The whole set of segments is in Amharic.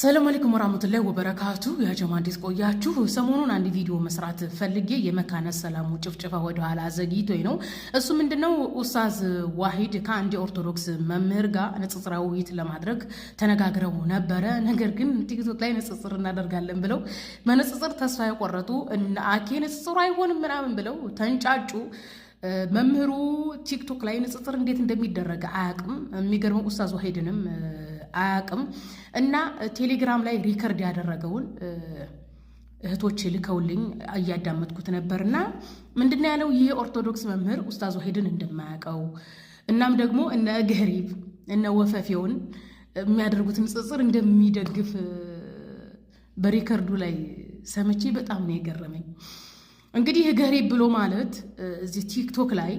ሰላም አለይኩም ወራህመቱላሂ ወበረካቱ። ያ እንዴት ቆያችሁ? ሰሞኑን አንድ ቪዲዮ መስራት ፈልጌ የመካነ ሰላሙ ጭፍጭፋ ወደ ኋላ ነው። እሱ ምንድነው ኡስታዝ ዋሂድ ከአንድ የኦርቶዶክስ መምህር ጋር ንጽጽራዊ ውይይት ለማድረግ ተነጋግረው ነበረ። ነገር ግን ቲክቶክ ላይ ንጽጽር እናደርጋለን ብለው በንጽጽር ተስፋ የቆረጡ አኬ ንጽጽሩ አይሆንም ምናምን ብለው ተንጫጩ። መምህሩ ቲክቶክ ላይ ንጽጽር እንዴት እንደሚደረግ አያውቅም። የሚገርመው ኡስታዝ ዋሂድንም አያውቅም እና ቴሌግራም ላይ ሪከርድ ያደረገውን እህቶች ልከውልኝ እያዳመጥኩት ነበር እና ምንድን ነው ያለው ይህ ኦርቶዶክስ መምህር ኡስታዝ ዋሂድን እንደማያውቀው እናም ደግሞ እነ ገሪብ እነ ወፈፌውን የሚያደርጉትን ንጽጽር እንደሚደግፍ በሪከርዱ ላይ ሰምቼ በጣም ነው የገረመኝ። እንግዲህ ገሪብ ብሎ ማለት እዚህ ቲክቶክ ላይ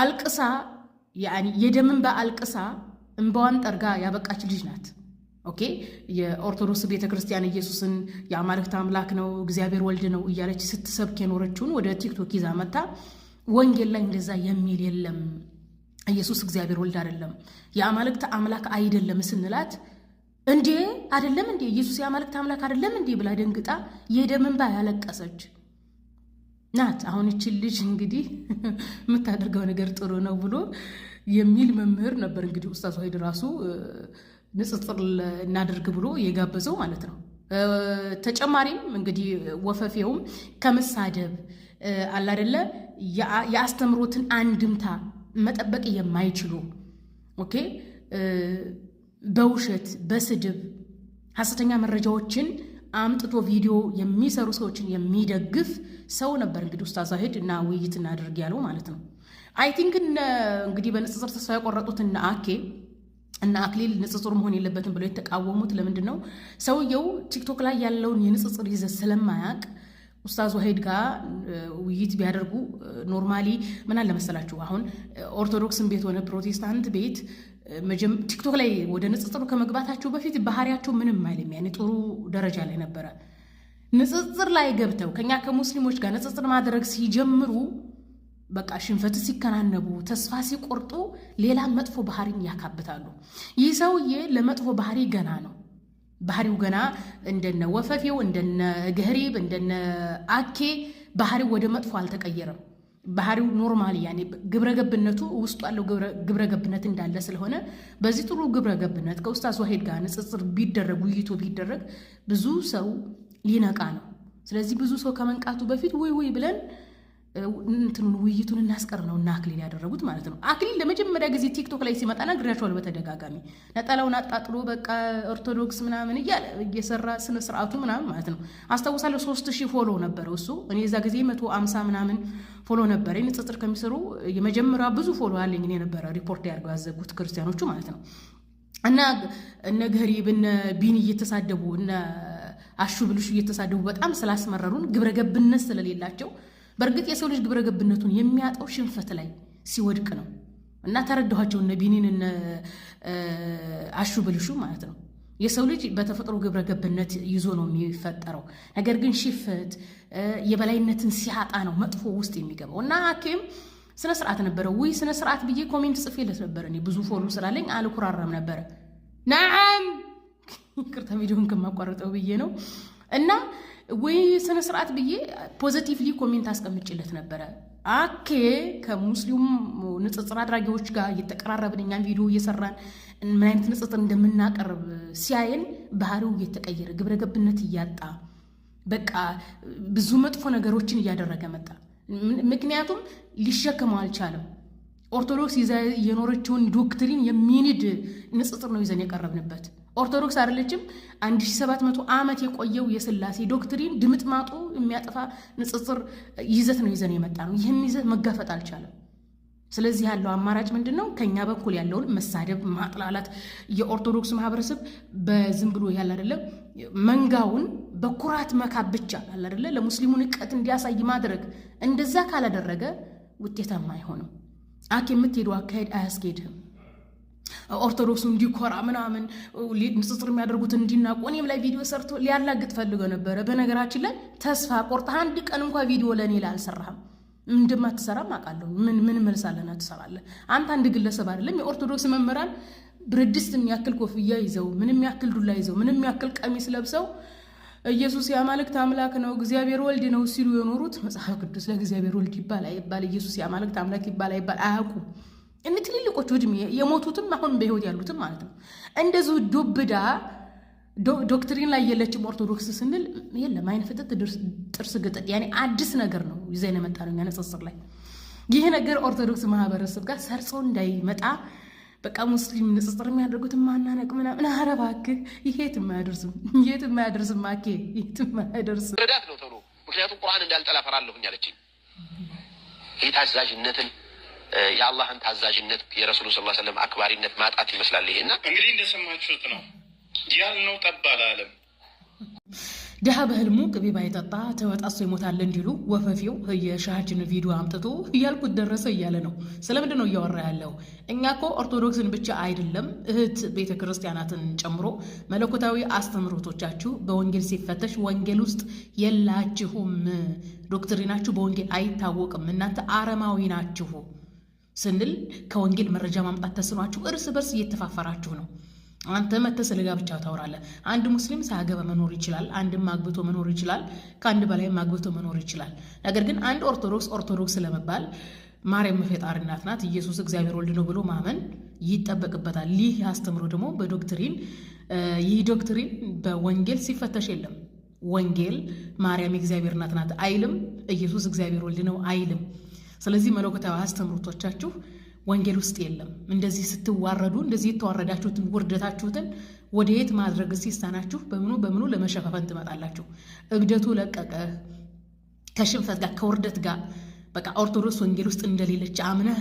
አልቅሳ የደምን በአልቅሳ እንባዋን ጠርጋ ያበቃች ልጅ ናት። ኦኬ የኦርቶዶክስ ቤተ ክርስቲያን ኢየሱስን የአማልክት አምላክ ነው እግዚአብሔር ወልድ ነው እያለች ስትሰብክ የኖረችውን ወደ ቲክቶክ ይዛ መታ ወንጌል ላይ እንደዛ የሚል የለም ኢየሱስ እግዚአብሔር ወልድ አይደለም የአማልክት አምላክ አይደለም ስንላት እንዴ አይደለም እንዴ ኢየሱስ የአማልክት አምላክ አይደለም እንዴ ብላ ደንግጣ የደም እንባ ያለቀሰች ናት። አሁን ይችን ልጅ እንግዲህ የምታደርገው ነገር ጥሩ ነው ብሎ የሚል መምህር ነበር እንግዲህ ኡስታዝ ወሒድ ራሱ ንጽጽር እናደርግ ብሎ የጋበዘው ማለት ነው። ተጨማሪም እንግዲህ ወፈፌውም ከመሳደብ አላደለ የአስተምሮትን አንድምታ መጠበቅ የማይችሉ ኦኬ፣ በውሸት በስድብ ሀሰተኛ መረጃዎችን አምጥቶ ቪዲዮ የሚሰሩ ሰዎችን የሚደግፍ ሰው ነበር። እንግዲህ ውስታዝ ዛሂድ እና ውይይት እናደርግ ያለው ማለት ነው። አይ ቲንክ እንግዲህ በንጽጽር ተስፋ የቆረጡት እና አኬ እና አክሊል ንጽጽር መሆን የለበትም ብሎ የተቃወሙት ለምንድን ነው? ሰውየው ቲክቶክ ላይ ያለውን የንጽጽር ይዘት ስለማያውቅ ኡስታዝ ወሂድ ጋር ውይይት ቢያደርጉ ኖርማሊ ምን አለ መሰላችሁ፣ አሁን ኦርቶዶክስን ቤት ሆነ ፕሮቴስታንት ቤት ቲክቶክ ላይ ወደ ንጽጽሩ ከመግባታቸው በፊት ባህሪያቸው ምንም አይልም። ያኔ ጥሩ ደረጃ ላይ ነበረ። ንጽጽር ላይ ገብተው ከኛ ከሙስሊሞች ጋር ንጽጽር ማድረግ ሲጀምሩ በቃ ሽንፈት ሲከናነቡ፣ ተስፋ ሲቆርጡ፣ ሌላ መጥፎ ባህሪን ያካብታሉ። ይህ ሰውዬ ለመጥፎ ባህሪ ገና ነው። ባህሪው ገና እንደነ ወፈፌው እንደነ ገህሪብ እንደነ አኬ ባህሪው ወደ መጥፎ አልተቀየረም። ባህሪው ኖርማል ያኔ ግብረገብነቱ ውስጡ ያለው ግብረገብነት እንዳለ ስለሆነ በዚህ ጥሩ ግብረገብነት ከኡስታዝ ዋሄድ ጋር ንጽጽር ቢደረግ ውይይቶ ቢደረግ ብዙ ሰው ሊነቃ ነው። ስለዚህ ብዙ ሰው ከመንቃቱ በፊት ውይ ውይ ብለን እንትኑን ውይይቱን እናስቀር ነው እና አክሊል ያደረጉት ማለት ነው። አክሊል ለመጀመሪያ ጊዜ ቲክቶክ ላይ ሲመጣ ነግሬያቸዋል በተደጋጋሚ ነጠላውን አጣጥሎ በቃ ኦርቶዶክስ ምናምን እያለ እየሰራ ስነ ስርዓቱ ምናምን ማለት ነው። አስታውሳለሁ ሶስት ሺህ ፎሎ ነበረው እሱ እኔ የዛ ጊዜ መቶ አምሳ ምናምን ፎሎ ነበረ። ንጽጽር ከሚሰሩ የመጀመሪያ ብዙ ፎሎ አለኝ የነበረ ሪፖርት ያደርገው ያዘጉት ክርስቲያኖቹ ማለት ነው እና እነ ገሪብ እነ ቢን እየተሳደቡ እነ አሹ ብልሹ እየተሳደቡ በጣም ስላስመረሩን ግብረገብነት ስለሌላቸው በእርግጥ የሰው ልጅ ግብረገብነቱን የሚያጣው ሽንፈት ላይ ሲወድቅ ነው እና ተረዳኋቸው እነ ቢኒን እነ አሹ ብልሹ ማለት ነው። የሰው ልጅ በተፈጥሮ ግብረ ገብነት ይዞ ነው የሚፈጠረው። ነገር ግን ሽፍት የበላይነትን ሲያጣ ነው መጥፎ ውስጥ የሚገባው እና ሐኪም ስነ ስርዓት ነበረ ወይ ስነ ስርዓት ብዬ ኮሜንት ጽፌለት ነበረ እኔ ብዙ ፎሎ ስላለኝ አልኩራረም ነበረ። ናም ይቅርታ ቪዲዮን ከማቋረጠው ብዬ ነው እና ወይ ስነ ስርዓት ብዬ ፖዘቲቭሊ ኮሜንት አስቀምጭለት ነበረ። አኬ ከሙስሊም ንጽጽር አድራጊዎች ጋር እየተቀራረብን እኛም ቪዲዮ እየሰራን ምን አይነት ንጽጽር እንደምናቀርብ ሲያየን ባህሪው እየተቀየረ ግብረገብነት እያጣ በቃ ብዙ መጥፎ ነገሮችን እያደረገ መጣ። ምክንያቱም ሊሸከመው አልቻለም። ኦርቶዶክስ ይዛ የኖረችውን ዶክትሪን የሚንድ ንጽጽር ነው ይዘን የቀረብንበት። ኦርቶዶክስ አይደለችም። 1700 ዓመት የቆየው የስላሴ ዶክትሪን ድምጥማጡ የሚያጠፋ ንጽጽር ይዘት ነው ይዘን የመጣ ነው። ይህን ይዘት መጋፈጥ አልቻለም። ስለዚህ ያለው አማራጭ ምንድን ነው? ከኛ በኩል ያለውን መሳደብ፣ ማጥላላት የኦርቶዶክስ ማህበረሰብ በዝም ብሎ ያለ አይደለም መንጋውን በኩራት መካብ ብቻ ያለ አደለ ለሙስሊሙ ንቀት እንዲያሳይ ማድረግ። እንደዛ ካላደረገ ውጤታማ አይሆንም። አክ የምትሄደው አካሄድ አያስኬድህም። ኦርቶዶክሱ እንዲኮራ ምናምን ንጽጽር የሚያደርጉት እንዲናቁ እኔም ላይ ቪዲዮ ሰርቶ ሊያላግጥ ፈልገው ነበረ። በነገራችን ላይ ተስፋ ቆርጠህ አንድ ቀን እንኳ ቪዲዮ ለእኔ ላይ አልሰራህም። እንደማትሰራም አውቃለሁ። ምን ምን መልሳለን ትሰራለህ አንተ? አንድ ግለሰብ አይደለም የኦርቶዶክስ መምህራን ብርድስት ያክል ኮፍያ ይዘው ምንም ያክል ዱላ ይዘው ምንም ያክል ቀሚስ ለብሰው ኢየሱስ የአማልክት አምላክ ነው እግዚአብሔር ወልድ ነው ሲሉ የኖሩት መጽሐፍ ቅዱስ ለእግዚአብሔር ወልድ ይባል አይባል ኢየሱስ የአማልክት አምላክ ይባል አይባል አያውቁም። ትልልቆቹ እድሜ የሞቱትም አሁን በህይወት ያሉትም ማለት ነው። እንደዚሁ ዱብዳ ዶክትሪን ላይ የለችም ኦርቶዶክስ ስንል የለም አይነ ፍጥጥ ጥርስ ግጥጥ ያኔ አዲስ ነገር ነው ይዛ የመጣ ነው። እኛ ንጽጽር ላይ ይህ ነገር ኦርቶዶክስ ማህበረሰብ ጋር ሰርጾ እንዳይመጣ በቃ ሙስሊም ንጽጽር የሚያደርጉት ማናነቅ ምናምን ኧረ እባክህ ይሄ የትም አያደርስም፣ የትም አያደርስም፣ አኬ የትም አያደርስም። ረዳት ነው ተብሎ ምክንያቱም ቁርአን እንዳልጠላ ፈራለሁኝ አለችኝ ይህ ታዛዥነትን የአላህን ታዛዥነት የረሱሉ ስ ስለም አክባሪነት ማጣት ይመስላል። ይሄና እንግዲህ እንደሰማችሁት ነው ያልነው ጠባል አለም ድሀ በህልሙ ቅቤ ባይጠጣ ተወጣሶ ይሞታል እንዲሉ ወፈፊው የሻሃችን ቪዲዮ አምጥቶ እያልኩት ደረሰ እያለ ነው። ስለምንድን ነው እያወራ ያለው? እኛ እኮ ኦርቶዶክስን ብቻ አይደለም እህት ቤተ ክርስቲያናትን ጨምሮ መለኮታዊ አስተምህሮቶቻችሁ በወንጌል ሲፈተሽ ወንጌል ውስጥ የላችሁም። ዶክትሪናችሁ በወንጌል አይታወቅም። እናንተ አረማዊ ናችሁ። ስንል ከወንጌል መረጃ ማምጣት ተስኗችሁ እርስ በርስ እየተፋፈራችሁ ነው። አንተ መተህ ስለ ጋብቻ ታወራለህ። አንድ ሙስሊም ሳያገባ መኖር ይችላል። አንድ ማግብቶ መኖር ይችላል። ከአንድ በላይ ማግብቶ መኖር ይችላል። ነገር ግን አንድ ኦርቶዶክስ ኦርቶዶክስ ለመባል ማርያም ፈጣሪ እናት ናት፣ ኢየሱስ እግዚአብሔር ወልድ ነው ብሎ ማመን ይጠበቅበታል። ይህ አስተምሮ ደግሞ በዶክትሪን ይህ ዶክትሪን በወንጌል ሲፈተሽ የለም። ወንጌል ማርያም የእግዚአብሔር እናት ናት አይልም። ኢየሱስ እግዚአብሔር ወልድ ነው አይልም። ስለዚህ መለኮታዊ አስተምሮቶቻችሁ ወንጌል ውስጥ የለም። እንደዚህ ስትዋረዱ እንደዚህ የተዋረዳችሁትን ውርደታችሁትን ወደ የት ማድረግ ሲሳናችሁ በምኑ በምኑ ለመሸፋፈን ትመጣላችሁ? እብደቱ ለቀቀ ከሽንፈት ጋር ከውርደት ጋር በቃ ኦርቶዶክስ ወንጌል ውስጥ እንደሌለች አምነህ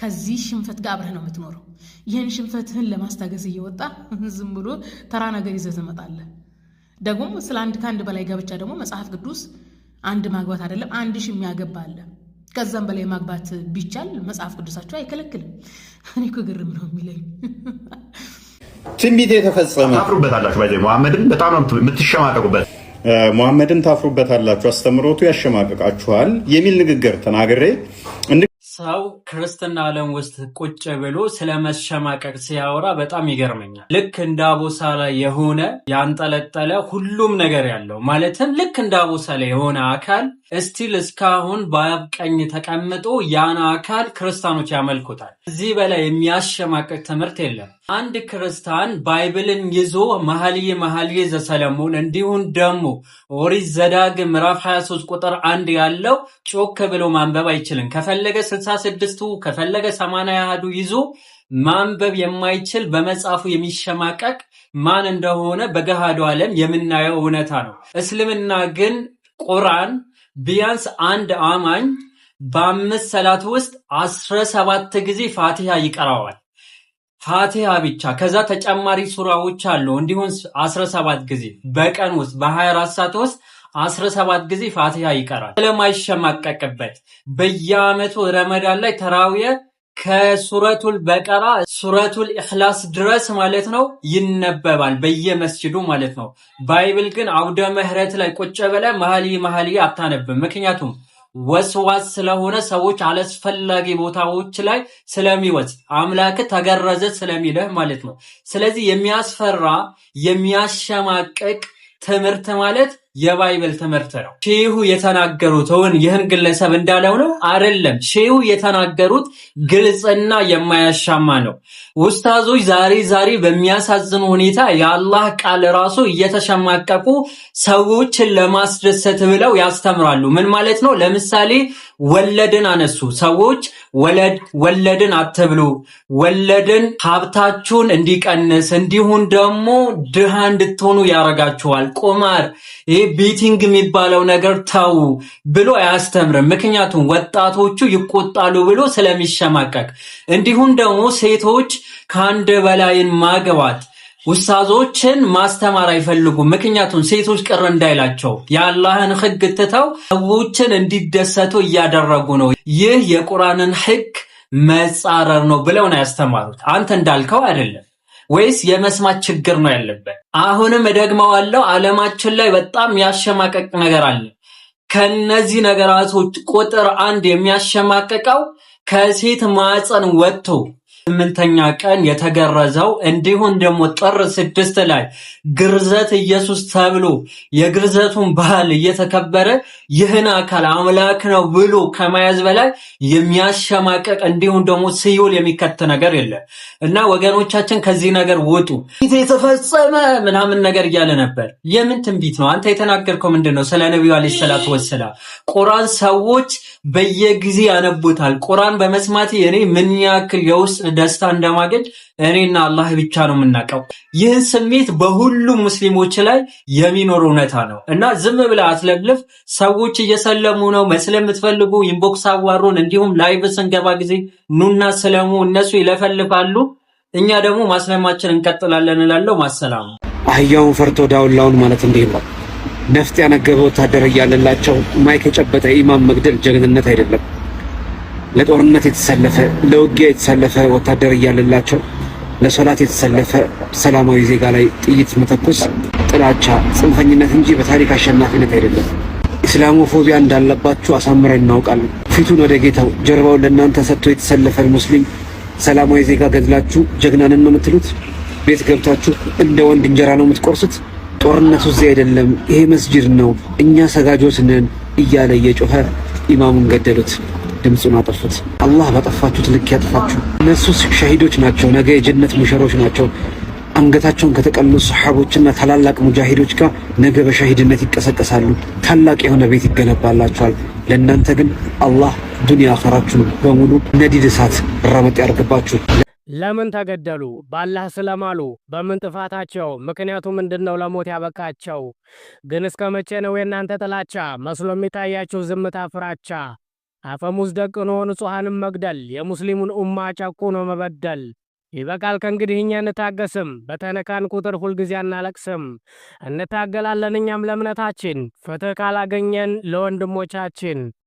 ከዚህ ሽንፈት ጋር አብረህ ነው የምትኖረው። ይህን ሽንፈትህን ለማስታገስ እየወጣ ዝም ብሎ ተራ ነገር ይዘህ ትመጣለህ። ደግሞ ስለ አንድ ከአንድ በላይ ጋብቻ ደግሞ መጽሐፍ ቅዱስ አንድ ማግባት አይደለም አንድ ሺህ የሚያገባ አለ። ከዛም በላይ ማግባት ቢቻል መጽሐፍ ቅዱሳቸው አይከለክልም። እኔ እኮ ግርም ነው የሚለኝ ትንቢት የተፈጸመ ታፍሩበታላችሁ። መሐመድን በጣም ነው የምትሸማቀቁበት። መሐመድን ታፍሩበታላችሁ፣ አስተምሮቱ ያሸማቀቃችኋል የሚል ንግግር ተናግሬ ሰው ክርስትና ዓለም ውስጥ ቁጭ ብሎ ስለ መሸማቀቅ ሲያወራ በጣም ይገርመኛል። ልክ እንደ አቦሳ ላይ የሆነ ያንጠለጠለ ሁሉም ነገር ያለው ማለትም ልክ እንደ አቦሳ ላይ የሆነ አካል እስቲል እስካሁን በአብ ቀኝ ተቀምጦ ያን አካል ክርስቲያኖች ያመልኩታል። እዚህ በላይ የሚያሸማቀቅ ትምህርት የለም። አንድ ክርስቲያን ባይብልን ይዞ መኃልየ መኃልየ ዘሰለሞን እንዲሁም ደግሞ ኦሪት ዘዳግም ምዕራፍ 23 ቁጥር አንድ ያለው ጮክ ብሎ ማንበብ አይችልም። ከፈለገ ስልሳ ስድስቱ ከፈለገ ሰማንያ ያህዱ ይዞ ማንበብ የማይችል በመጽሐፉ የሚሸማቀቅ ማን እንደሆነ በገሃዱ ዓለም የምናየው እውነታ ነው። እስልምና ግን ቁርአን ቢያንስ አንድ አማኝ በአምስት ሰላት ውስጥ አስራ ሰባት ጊዜ ፋቲሃ ይቀራዋል። ፋቲሃ ብቻ። ከዛ ተጨማሪ ሱራዎች አሉ እንዲሁም ሰባት ጊዜ በቀን ውስጥ በ24 ሰዓት ውስጥ አስራ ሰባት ጊዜ ፋቲሃ ይቀራል ስለማይሸማቀቅበት። በየአመቱ ረመዳን ላይ ተራዊየ ከሱረቱል በቀራ ሱረቱል ኢኽላስ ድረስ ማለት ነው ይነበባል፣ በየመስጅዱ ማለት ነው። ባይብል ግን አውደ ምህረት ላይ ቁጭ በለ መሀል መሀል አታነብም። ምክንያቱም ወስዋስ ስለሆነ ሰዎች አላስፈላጊ ቦታዎች ላይ ስለሚወስድ አምላክ ተገረዘ ስለሚልህ ማለት ነው። ስለዚህ የሚያስፈራ የሚያሸማቅቅ ትምህርት ማለት የባይብል ትምህርት ነው። ሼሁ የተናገሩት እውን ይህን ግለሰብ እንዳለው ነው አይደለም። ሼሁ የተናገሩት ግልጽና የማያሻማ ነው። ውስታዞች ዛሬ ዛሬ በሚያሳዝኑ ሁኔታ የአላህ ቃል ራሱ እየተሸማቀቁ ሰዎችን ለማስደሰት ብለው ያስተምራሉ። ምን ማለት ነው? ለምሳሌ ወለድን አነሱ። ሰዎች ወለድ ወለድን አትብሉ፣ ወለድን ሀብታችሁን እንዲቀንስ እንዲሁም ደግሞ ድሃ እንድትሆኑ ያረጋችኋል። ቁማር ይህ ቤቲንግ የሚባለው ነገር ተው ብሎ አያስተምርም። ምክንያቱም ወጣቶቹ ይቆጣሉ ብሎ ስለሚሸማቀቅ፣ እንዲሁም ደግሞ ሴቶች ከአንድ በላይን ማግባት ውሳዞችን ማስተማር አይፈልጉም። ምክንያቱም ሴቶች ቅር እንዳይላቸው የአላህን ሕግ ትተው ሰዎችን እንዲደሰቱ እያደረጉ ነው። ይህ የቁርአንን ሕግ መጻረር ነው ብለው ነው ያስተማሩት። አንተ እንዳልከው አይደለም። ወይስ የመስማት ችግር ነው ያለበት? አሁንም እደግመዋለሁ፣ ዓለማችን ላይ በጣም ያሸማቀቅ ነገር አለ። ከነዚህ ነገራቶች ቁጥር አንድ የሚያሸማቀቀው ከሴት ማህፀን ወጥቶ ስምንተኛ ቀን የተገረዘው እንዲሁም ደግሞ ጥር ስድስት ላይ ግርዘት ኢየሱስ ተብሎ የግርዘቱን ባህል እየተከበረ ይህን አካል አምላክ ነው ብሎ ከመያዝ በላይ የሚያሸማቀቅ እንዲሁም ደግሞ ሲኦል የሚከት ነገር የለም እና ወገኖቻችን ከዚህ ነገር ውጡ። የተፈጸመ ምናምን ነገር እያለ ነበር። የምን ትንቢት ነው አንተ የተናገርከው? ምንድን ነው? ስለ ነቢዩ ዓለይሂ ሰላቱ ወሰላም ቁራን ሰዎች በየጊዜ ያነቡታል። ቁራን በመስማት እኔ ምን ያክል የውስጥ ደስታ እንደማገኝ እኔና አላህ ብቻ ነው የምናውቀው። ይህ ስሜት በሁሉም ሙስሊሞች ላይ የሚኖር እውነታ ነው እና ዝም ብለህ አትለፍልፍ። ሰዎች እየሰለሙ ነው መስለ የምትፈልጉ ኢንቦክስ አዋሩን፣ እንዲሁም ላይቭ ስንገባ ጊዜ ኑና ስለሙ፣ እነሱ ይለፈልፋሉ፣ እኛ ደግሞ ማስለማችን እንቀጥላለን እላለሁ። ማሰላሙ አህያውን ፈርቶ ዳውላውን ማለት እንዲህ ነው። ነፍጥ ያነገበ ወታደር እያለላቸው ማይክ የጨበጠ ኢማም መግደል ጀግንነት አይደለም። ለጦርነት የተሰለፈ ለውጊያ የተሰለፈ ወታደር እያለላቸው ለሶላት የተሰለፈ ሰላማዊ ዜጋ ላይ ጥይት መተኮስ ጥላቻ፣ ጽንፈኝነት እንጂ በታሪክ አሸናፊነት አይደለም። ኢስላሞፎቢያ እንዳለባችሁ አሳምረን እናውቃለን። ፊቱን ወደ ጌታው ጀርባውን ለእናንተ ሰጥቶ የተሰለፈን ሙስሊም ሰላማዊ ዜጋ ገድላችሁ ጀግናንን ነው የምትሉት? ቤት ገብታችሁ እንደ ወንድ እንጀራ ነው የምትቆርሱት? ጦርነቱ እዚህ አይደለም፣ ይሄ መስጂድ ነው፣ እኛ ሰጋጆት ነን እያለ እየጮኸ ኢማሙን ገደሉት። ድምፁን አጠፉት። አላህ ባጠፋችሁት ልክ ያጥፋችሁ። እነሱስ ሻሂዶች ናቸው፣ ነገ የጀነት ሙሸሮች ናቸው። አንገታቸውን ከተቀሉ ሰሓቦችና ታላላቅ ሙጃሂዶች ጋር ነገ በሻሂድነት ይቀሰቀሳሉ። ታላቅ የሆነ ቤት ይገነባላቸዋል። ለእናንተ ግን አላህ ዱንያ አኸራችሁን በሙሉ ነዲድ እሳት ረመጥ ያደርግባችሁ ለምን ተገደሉ? በአላህ ስለማሉ በምን ጥፋታቸው? ምክንያቱ ምንድን ነው ለሞት ያበቃቸው? ግን እስከ መቼ ነው የእናንተ ጥላቻ መስሎ የሚታያችሁ ዝምታ፣ ፍራቻ? አፈሙዝ ደቅኖ ንጹሐንም መግደል፣ የሙስሊሙን ኡማ ጨቁኖ መበደል ይበቃል። ከእንግዲህ እኛ እንታገስም። በተነካን ቁጥር ሁልጊዜ አናለቅስም። እንታገላለን እኛም ለእምነታችን ፍትህ ካላገኘን ለወንድሞቻችን